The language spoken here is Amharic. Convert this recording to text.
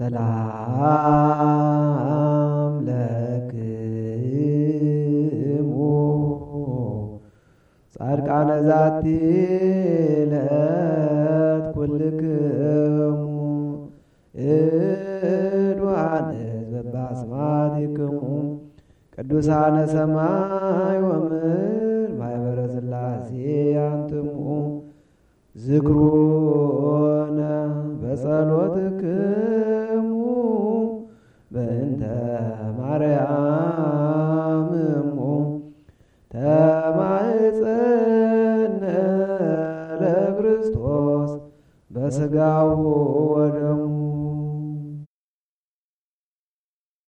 ሰላም ለክሙ ጻድቃነ ዛቲ ዕለት ኩልክሙ እድዋን ህዝበ በአስማቲክሙ ቅዱሳነ ሰማይ ወምድር ማኅበረ ሥላሴ አንትሙ ዝክሩነ በጸሎትክሙ እንተ ማርያም እሙ ተማሕፀነ ለክርስቶስ በሥጋው